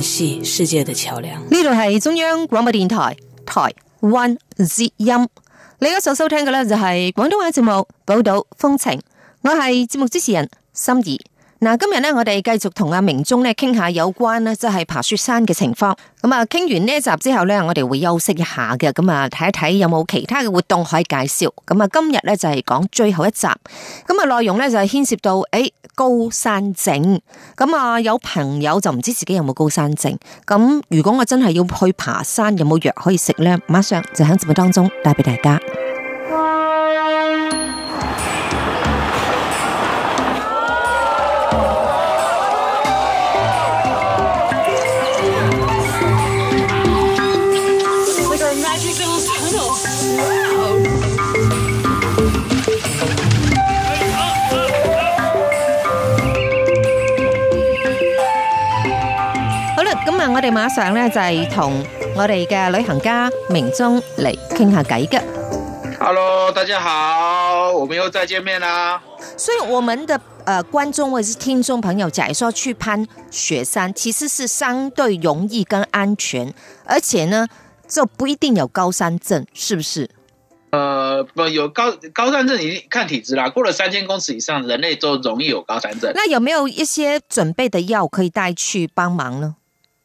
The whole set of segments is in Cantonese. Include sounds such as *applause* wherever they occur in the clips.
係世界的橋樑。呢度係中央廣播電台台灣之音，你而家所收聽嘅呢，就係廣東話節目《寶島風情》，我係節目主持人心儀。嗱，今日咧，我哋繼續同阿明忠咧傾下有關咧，即係爬雪山嘅情況。咁啊，傾完呢一集之後咧，我哋會休息一下嘅。咁啊，睇一睇有冇其他嘅活動可以介紹。咁啊，今日咧就係講最後一集。咁啊，內容咧就係牽涉到誒、哎、高山症。咁啊，有朋友就唔知自己有冇高山症。咁如果我真係要去爬山，有冇藥可以食咧？馬上就喺節目當中帶俾大家。馬上呢，就係同我哋嘅旅行家明中嚟傾下偈嘅。Hello，大家好，我們又再見面啦，啊。所以我們的誒、呃、觀眾或者聽眾朋友，假如說去攀雪山，其實是相對容易跟安全，而且呢，就不一定有高山症，是不是？呃，不有高高山症，已經看體質啦。過了三千公尺以上，人類都容易有高山症。那有沒有一些準備的藥可以帶去幫忙呢？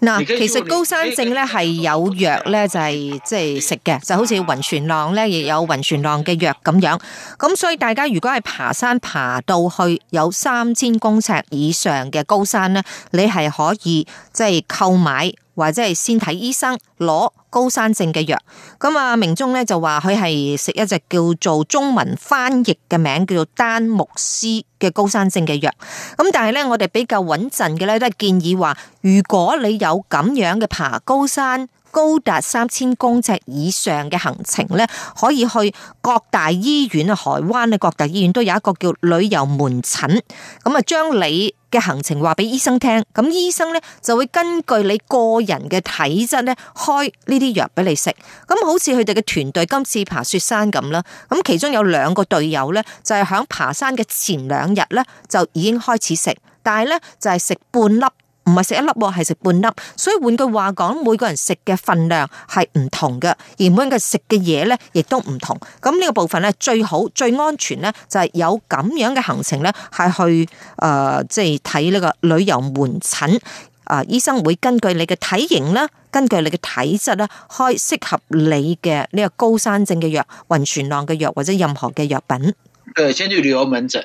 嗱，其實高山症咧係有藥咧，就係即係食嘅，就好似暈船浪咧，亦有暈船浪嘅藥咁樣。咁所以大家如果係爬山爬到去有三千公尺以上嘅高山咧，你係可以即係購買。或者係先睇醫生攞高山症嘅藥，咁阿明宗咧就話佢係食一隻叫做中文翻譯嘅名叫做丹木斯嘅高山症嘅藥，咁但係咧，我哋比較穩陣嘅咧都係建議話，如果你有咁樣嘅爬高山。高達三千公尺以上嘅行程呢，可以去各大醫院啊，台灣啊，各大醫院都有一個叫旅遊門診，咁啊，將你嘅行程話俾醫生聽，咁醫生呢就會根據你個人嘅體質呢開呢啲藥俾你食，咁好似佢哋嘅團隊今次爬雪山咁啦，咁其中有兩個隊友呢，就係響爬山嘅前兩日呢，就已經開始食，但係呢，就係食半粒。唔係食一粒，係食半粒，所以換句話講，每個人食嘅份量係唔同嘅，而每個人食嘅嘢咧，亦都唔同。咁呢個部分咧，最好最安全咧，就係有咁樣嘅行程咧，係去誒，即係睇呢個旅遊門診。啊、呃，醫生會根據你嘅體型啦，根據你嘅體質啦，開適合你嘅呢個高山症嘅藥、暈船浪嘅藥或者任何嘅藥品。對，先去旅遊門診。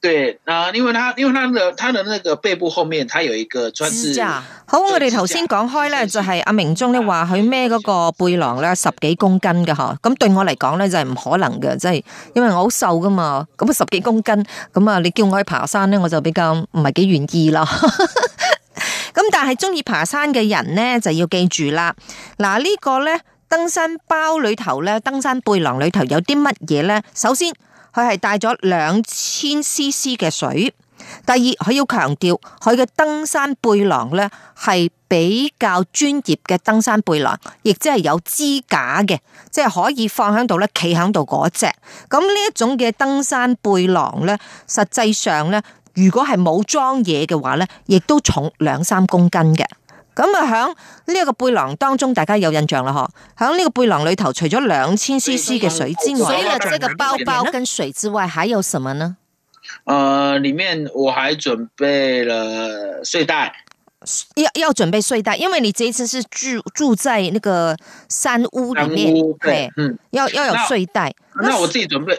對，啊，因為佢因為佢的，他的那個背部後面，他有一個專是。好，我哋頭先講開呢，是是就係阿明中呢話佢孭嗰個背囊咧十幾公斤嘅嗬，咁是對我嚟講呢，就係唔可能嘅，即係因為我好瘦噶嘛，咁啊十幾公斤，咁啊你叫我去爬山呢，我就比較唔係幾願意咯。咁 *laughs* 但係中意爬山嘅人呢，就要記住啦，嗱、這、呢個呢，登山包裏頭呢，登山背囊裏頭有啲乜嘢呢？首先。佢係帶咗兩千 CC 嘅水。第二，佢要強調佢嘅登山背囊呢係比較專業嘅登山背囊，亦即係有支架嘅，即係可以放喺度呢，企喺度嗰隻。咁呢一種嘅登山背囊呢，實際上呢，如果係冇裝嘢嘅話呢，亦都重兩三公斤嘅。咁啊，喺呢一個背囊當中，大家有印象啦，嗬！喺呢個背囊裏頭，除咗兩千 CC 嘅水之外，水啊，即係個包包，包包跟水之外，還有什麼呢？誒、呃，裏面我還準備了睡袋，要要準備睡袋，因為你這次是住住在那個山屋裏面，屋對，嗯，要要有睡袋，那，那，水那我自己準備。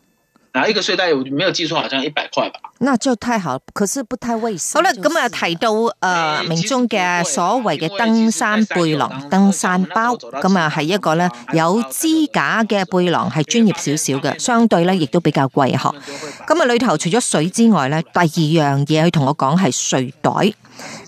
拿一個睡袋，我沒有記錯，好像一百塊吧。那就太好，可是不太衛生。好啦，咁啊提到誒、呃，名中嘅所謂嘅登山背囊、登山包，咁啊係一個咧有支架嘅背囊，係專業少少嘅，相對咧亦都比較貴呵。咁啊裏頭除咗水之外咧，第二樣嘢佢同我講係睡袋。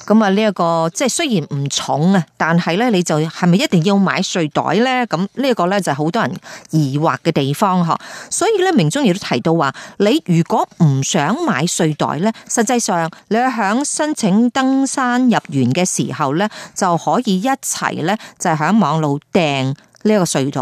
咁啊，呢一個即係雖然唔重啊，但係咧你就係咪一定要買睡袋咧？咁呢一個咧就係好多人疑惑嘅地方呵。所以咧，明中亦都提到話，你如果唔想買睡袋咧，實際上你喺申請登山入園嘅時候咧，就可以一齊咧就喺網路訂呢一個睡袋。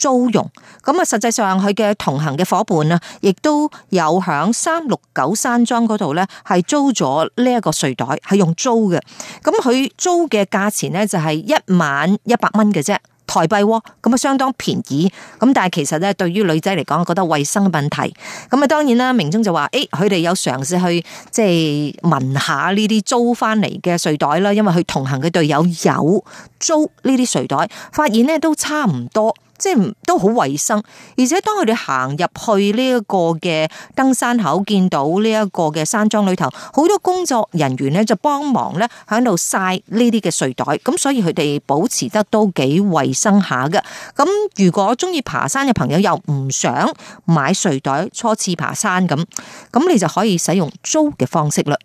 租用咁啊，實際上佢嘅同行嘅夥伴啊，亦都有喺三六九山莊嗰度咧，係租咗呢一個睡袋，係用租嘅。咁佢租嘅價錢咧就係一晚一百蚊嘅啫，台幣喎，咁啊相當便宜。咁但係其實咧，對於女仔嚟講，覺得衛生嘅問題。咁啊，當然啦，明中就話誒，佢哋有嘗試去即係聞下呢啲租翻嚟嘅睡袋啦，因為佢同行嘅隊友有租呢啲睡袋，發現咧都差唔多。即係都好衛生，而且當佢哋行入去呢一個嘅登山口，見到呢一個嘅山莊裏頭，好多工作人員咧就幫忙咧喺度曬呢啲嘅睡袋，咁所以佢哋保持得都幾衛生下嘅。咁如果中意爬山嘅朋友又唔想買睡袋，初次爬山咁，咁你就可以使用租嘅方式啦。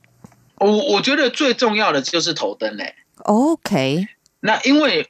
我我覺得最重要嘅，就是頭燈咧。OK，嗱，因為。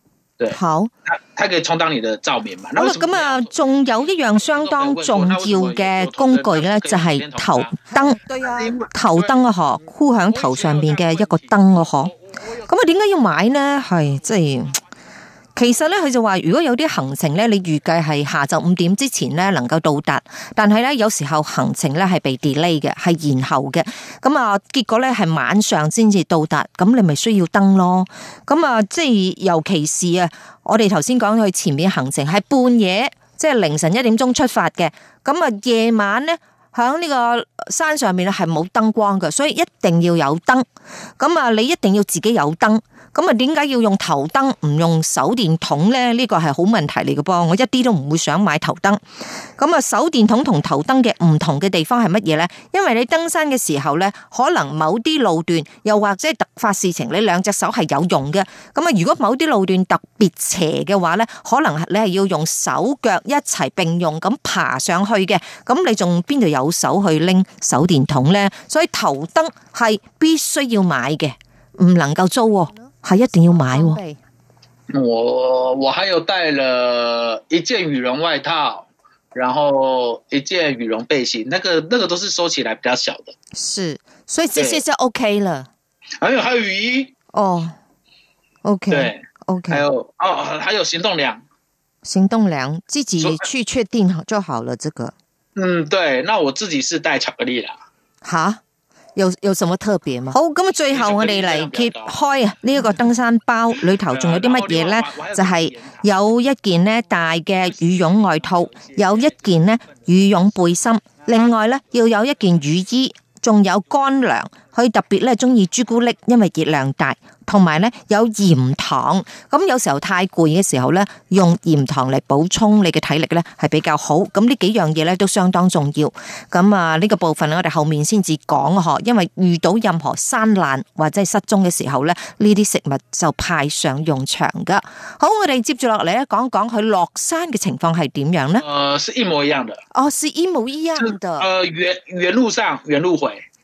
好它，它可以充當你的照明嘛？好啦，咁、嗯、啊，仲有一樣相當重要嘅工具咧，就係、是、頭燈。對啊，對頭燈啊，嗬，箍響頭、啊、對頭上邊嘅一個燈啊，嗬對。咁啊，點解要買咧？係即係。就是其實咧，佢就話，如果有啲行程咧，你預計係下晝五點之前咧能夠到達，但係咧，有時候行程咧係被 delay 嘅，係延後嘅。咁啊，結果咧係晚上先至到達，咁你咪需要燈咯。咁啊，即係尤其是啊，我哋頭先講佢前面行程係半夜，即係凌晨一點鐘出發嘅。咁啊，夜晚咧響呢個山上面咧係冇燈光嘅，所以一定要有燈。咁啊，你一定要自己有燈。咁啊，點解要用頭燈唔用手電筒呢？呢個係好問題嚟嘅噃，我一啲都唔會想買頭燈。咁啊，手電筒同頭燈嘅唔同嘅地方係乜嘢呢？因為你登山嘅時候呢，可能某啲路段又或者突發事情，你兩隻手係有用嘅。咁啊，如果某啲路段特別斜嘅話呢，可能你係要用手腳一齊並用咁爬上去嘅。咁你仲邊度有手去拎手電筒呢？所以頭燈係必須要買嘅，唔能夠租啊。還一定要買我我，我還有帶了一件羽絨外套，然後一件羽絨背心，那個那個都是收起來比較小的。是，所以這些就 OK 了。還有還有雨衣哦，OK，OK，還有哦，還有行動糧，行動糧自己去確定就好了。這個嗯，對，那我自己是帶巧克力啦。哈？有有什麼特別嗎？好，咁最後我哋嚟揭開啊呢一個登山包裏頭仲有啲乜嘢咧？就係、是、有一件咧大嘅羽絨外套，有一件咧羽絨背心，另外咧要有一件雨衣，仲有乾糧。佢特別咧中意朱古力，因為熱量大。同埋咧有鹽糖，咁有時候太攰嘅時候咧，用鹽糖嚟補充你嘅體力咧係比較好。咁呢幾樣嘢咧都相當重要。咁啊呢個部分我哋後面先至講嗬，因為遇到任何山難或者係失蹤嘅時候咧，呢啲食物就派上用場噶。好，我哋接住落嚟咧講講佢落山嘅情況係點樣咧？誒、呃，是一模一樣嘅。哦，是一模一樣的。誒、呃，原原路上，原路回。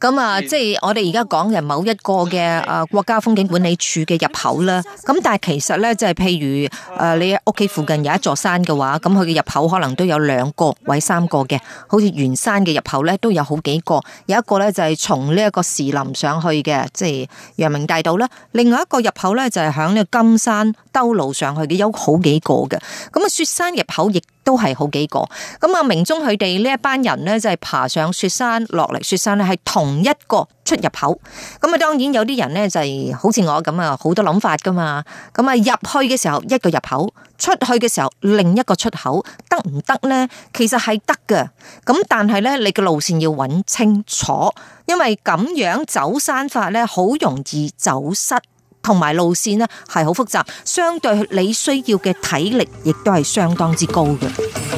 咁啊，即係我哋而家講嘅某一個嘅啊國家風景管理處嘅入口啦。咁但係其實咧，即係譬如誒你屋企附近有一座山嘅話，咁佢嘅入口可能都有兩個或者三個嘅。好似原山嘅入口咧都有好幾個。有一個咧就係從呢一個士林上去嘅，即係陽明大道啦。另外一個入口咧就係喺呢個金山兜路上去嘅，有好幾個嘅。咁啊，雪山入口亦～都係好幾個，咁啊明中佢哋呢一班人呢，就係爬上雪山落嚟雪山咧係同一個出入口，咁啊當然有啲人呢，就係好似我咁啊好多諗法噶嘛，咁啊入去嘅時候一個入口，出去嘅時候另一個出口，得唔得呢？其實係得嘅，咁但係呢，你嘅路線要揾清楚，因為咁樣走山法呢，好容易走失。同埋路線呢係好複雜，相對你需要嘅體力亦都係相當之高嘅。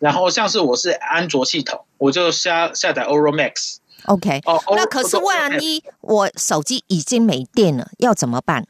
然後，像是我是安卓系統，我就下下載 Oral Max。O Okay . K、uh,。哦，那可是萬一我手機已經沒電了，又怎麼辦？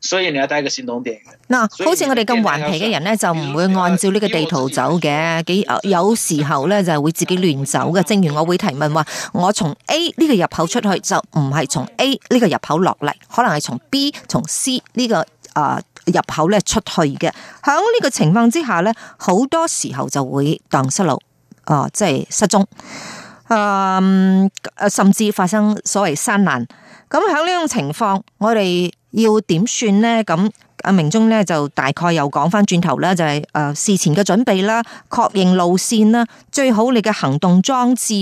所以你要帶個行動電源嗱、啊，好似我哋咁頑皮嘅人咧，就唔會按照呢個地圖走嘅。幾、呃、有時候咧就係會自己亂走嘅。啊、正如我會提問話，我從 A 呢個入口出去，就唔係從 A 呢個入口落嚟，可能係從 B，從 C 呢、這個啊。呃入口咧出去嘅，喺呢個情況之下咧，好多時候就會蕩失路，啊，即係失蹤，嗯、啊，甚至發生所謂山難。咁喺呢種情況，我哋要點算咧？咁阿明忠咧就大概又講返轉頭啦，就係、是、誒事前嘅準備啦，確認路線啦，最好你嘅行動裝置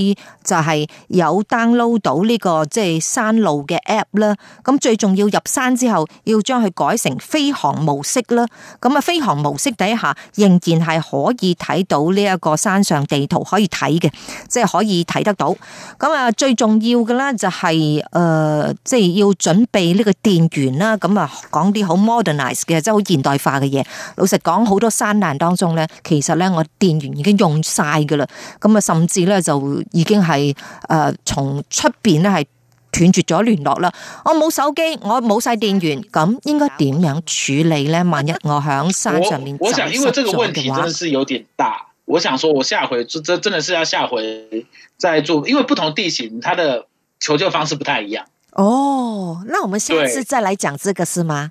就係有 download 到呢、這個即係、就是、山路嘅 app 啦。咁最重要入山之後要將佢改成飛行模式啦。咁啊飛行模式底下仍然係可以睇到呢一個山上地圖可以睇嘅，即、就、係、是、可以睇得到。咁啊最重要嘅啦就係誒即係要準備呢個電源啦。咁啊講啲好 modern 啊～嘅，即係好現代化嘅嘢。老實講，好多山難當中咧，其實咧我電源已經用晒噶啦。咁啊，甚至咧就已經係誒從出邊咧係斷絕咗聯絡啦。我冇手機，我冇晒電源，咁應該點樣處理咧？萬一我喺山上面走失咗嘅話，我，我想因為這個問題真的是有點大。我想說我下回真真的是要下回再做，因為不同地形，它的求救方式不太一樣。哦，那我們下次再來講這個，是嗎？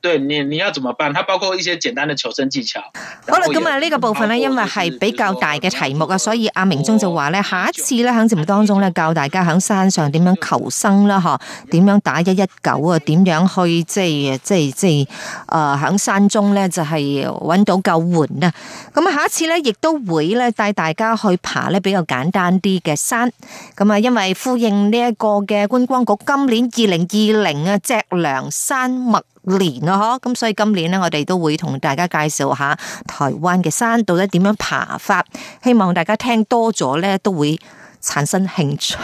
對，你你要怎麼辦？它包括一些簡單的求生技巧。好啦，就是，咁啊，呢個部分咧，因為係比較大嘅題目啊，所以阿明忠就話呢，哦、下一次呢，喺節目當中呢，教大家喺山上點樣求生啦，嗬對？點樣打一一九啊？點樣去即係即係即係誒喺山中呢，就係揾到救援啊？咁下一次呢，亦都會呢，帶大家去爬呢比較簡單啲嘅山。咁啊，因為呼應呢一個嘅觀光局今年二零二零啊，脊梁山脈。年啊嗬，咁所以今年咧，我哋都會同大家介紹下台灣嘅山到底點樣爬法，希望大家聽多咗咧，都會產生興趣，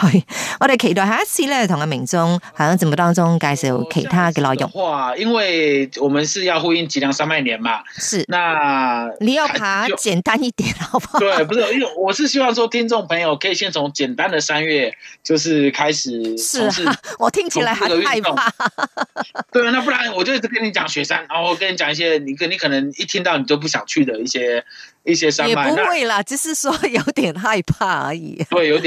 我哋期待下一次呢，同阿明忠喺節目當中介紹其他嘅內容。哇，因為我們是要呼應脊梁山脈年嘛，是，那你要爬簡單一點，好不好？對，不是，因為我是希望說聽眾朋友可以先從簡單的山岳就是開始，是啊，我聽起來很害怕。那對那不然我就一直跟你講雪山，然後我跟你講一些，你你可能一聽到你就不想去的一些一些山脈，也不會啦，那只是說有點害怕而已，對，有點。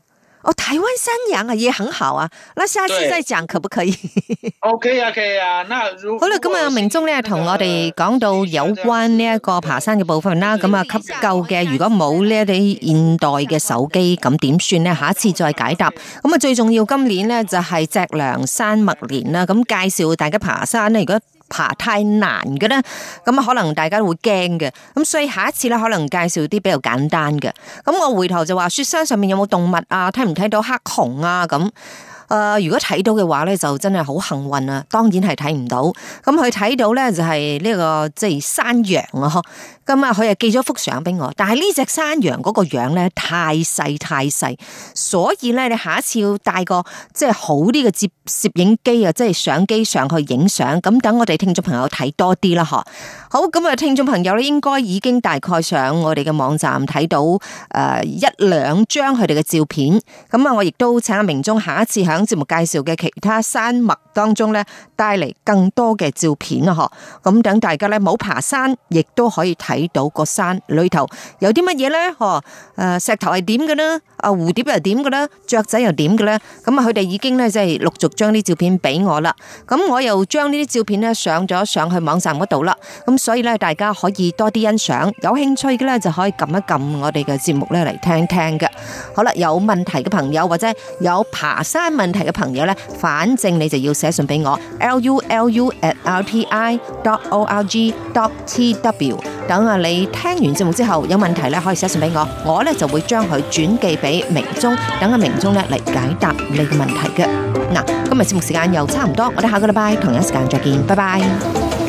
哦，台灣山羊啊，也很好啊，那下次再講可不可以？O K 啊，O K 啊，好了。咁啊、嗯，明中咧同我哋講到有關呢一個爬山嘅部分啦，咁啊，急救嘅，如果冇呢啲現代嘅手機，咁點算咧？下一次再解答。咁啊，最重要今年咧就係脊梁山脈年啦，咁介紹大家爬山咧，如果。爬太難嘅咧，咁啊可能大家會驚嘅，咁所以下一次咧可能介紹啲比較簡單嘅，咁我回頭就話雪山上面有冇動物啊，睇唔睇到黑熊啊咁。誒、呃，如果睇到嘅話咧，就真係好幸運啦。當然係睇唔到。咁佢睇到咧就係呢、這個即係山羊咯，咁啊佢係寄咗幅相俾我。但係呢隻山羊嗰個樣咧太細太細，所以咧你下一次要帶個即係好啲嘅攝攝影機啊，即係相機上去影相。咁等我哋聽眾朋友睇多啲啦，嗬。好，咁啊聽眾朋友咧應該已經大概上我哋嘅網站睇到誒一兩張佢哋嘅照片。咁啊，我亦都請阿明忠下一次響，等節目介紹嘅其他山脈當中呢，帶嚟更多嘅照片啊！嗬，咁等大家呢，冇爬山，亦都可以睇到個山裏頭有啲乜嘢呢？嗬，誒，石頭係點嘅呢？啊，蝴蝶又點嘅呢？雀仔又點嘅呢？咁啊，佢哋已經呢，即係陸續將啲照片俾我啦。咁我又將呢啲照片呢，上咗上去網站嗰度啦。咁所以呢，大家可以多啲欣賞。有興趣嘅呢，就可以撳一撳我哋嘅節目呢嚟聽聽嘅。好啦，有問題嘅朋友或者有爬山問。題嘅朋友咧，反正你就要寫信俾我，l u l u at r t i dot o r g dot t w。等啊，你聽完節目之後有問題咧，可以寫信俾我，我咧就會將佢轉寄俾明宗，等阿明宗咧嚟解答你嘅問題嘅。嗱，今日節目時間又差唔多，我哋下個禮拜同一時間再見，拜拜。